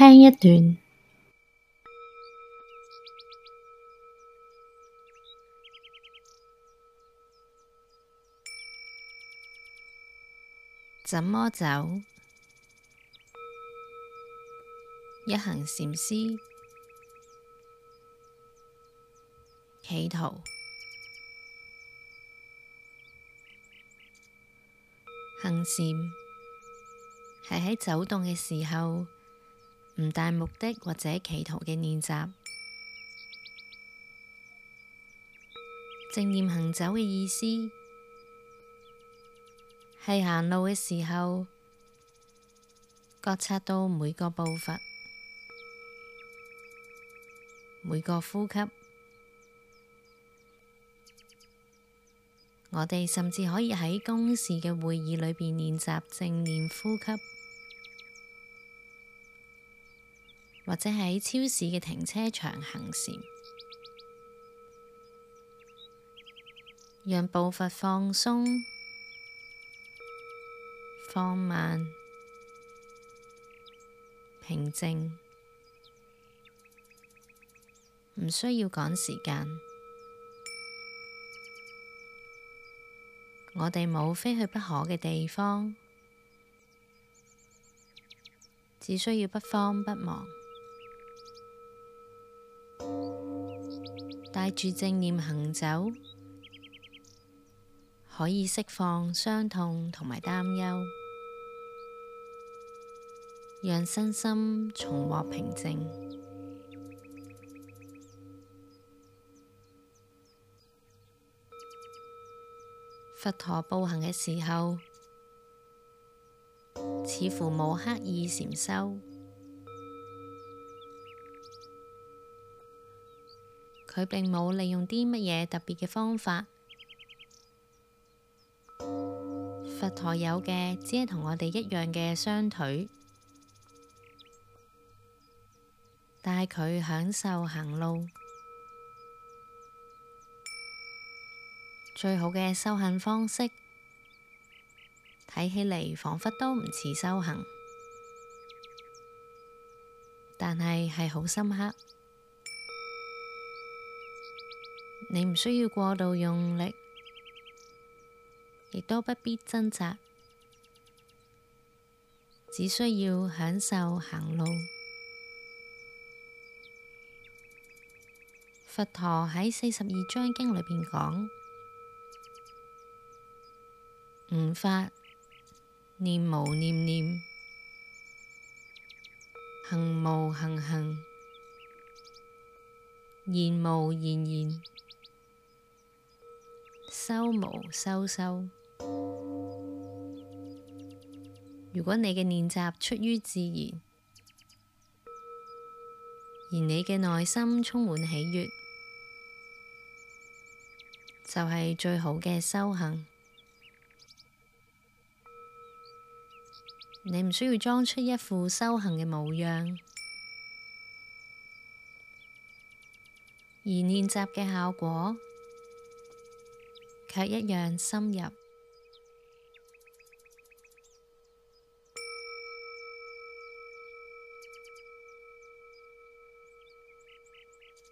聽一段，怎麼走？一行禪師企圖行禪，係喺走動嘅時候。唔帶目的或者企圖嘅練習，正念行走嘅意思係行路嘅時候，覺察到每個步伐、每個呼吸。我哋甚至可以喺公事嘅會議裏邊練習正念呼吸。或者喺超市嘅停車場行善，讓步伐放鬆、放慢、平靜，唔需要趕時間。我哋冇非去不可嘅地方，只需要不慌不忙。帶住正念行走，可以釋放傷痛同埋擔憂，讓身心重獲平靜。佛陀步行嘅時候，似乎冇刻意禪修。佢並冇利用啲乜嘢特別嘅方法，佛陀有嘅只係同我哋一樣嘅雙腿，但係佢享受行路。最好嘅修行方式，睇起嚟仿佛都唔似修行，但係係好深刻。你唔需要過度用力，亦都不必掙扎，只需要享受行路。佛陀喺四十二章經裏邊講：悟法，念無念念，行無行行，言無言言。修無修修。如果你嘅練習出於自然，而你嘅內心充滿喜悦，就係、是、最好嘅修行。你唔需要裝出一副修行嘅模樣，而練習嘅效果。卻一樣深入。